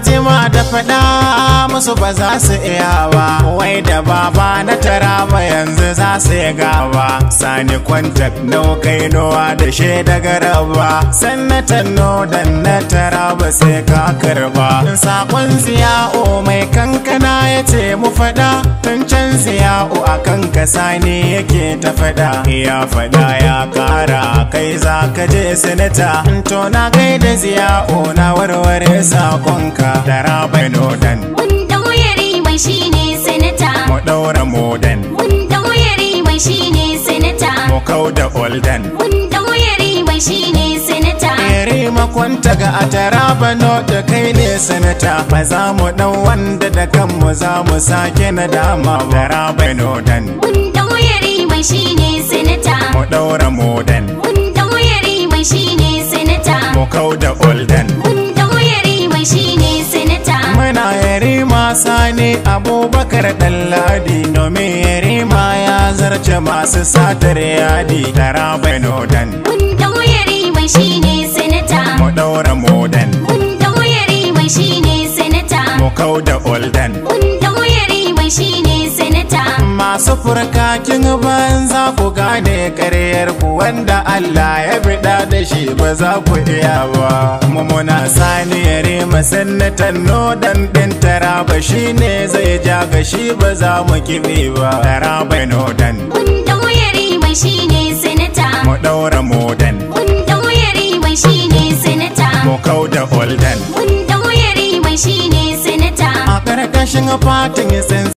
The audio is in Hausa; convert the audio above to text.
jima da faɗa musu ba za su iya ba wai da baba na tara ba yanzu za su yi gaba sani kwantar nau nowa da she daga raba sannatan no dan na tara ba sai ka karba sakon o mai kankana ya ce mu faɗa zancen siya'u a kan kasa ne yake ta faɗa ya faɗa ya ƙara kai za ka je sanata to na kai da na warware sakonka da rabai nodan mun mu ɗaura modan mun ɗauyari mai shine ne mu kau da oldan mun ɗauyari mai makonta ga a taraba da kai ne sanata ba za mu dan wanda da kanmu za mu sake na dama taraba nodan mun dauya mai shine sanata mu daura modan mun dauya mai shine sanata mu kauda olden mun dauya mai shine sanata muna yare ma sani abubakar dalladi domin yare ma ya zarce masu satar yadi taraba nodan mun dauya mai shine mai shine senata mu kau da olden kun dauyari mai shine senata masu furkakin banza ku gane karyar ku wanda Allah ya bida da shi ba za ku iya ba mu muna saniyar no dan din taraba shine zai ja ga shi ba za mu kibe ba taraba nodan kun dauyari mai shine senata mu daura modan kun dauyari mai shine senata mu kau da olden Smashing a parting is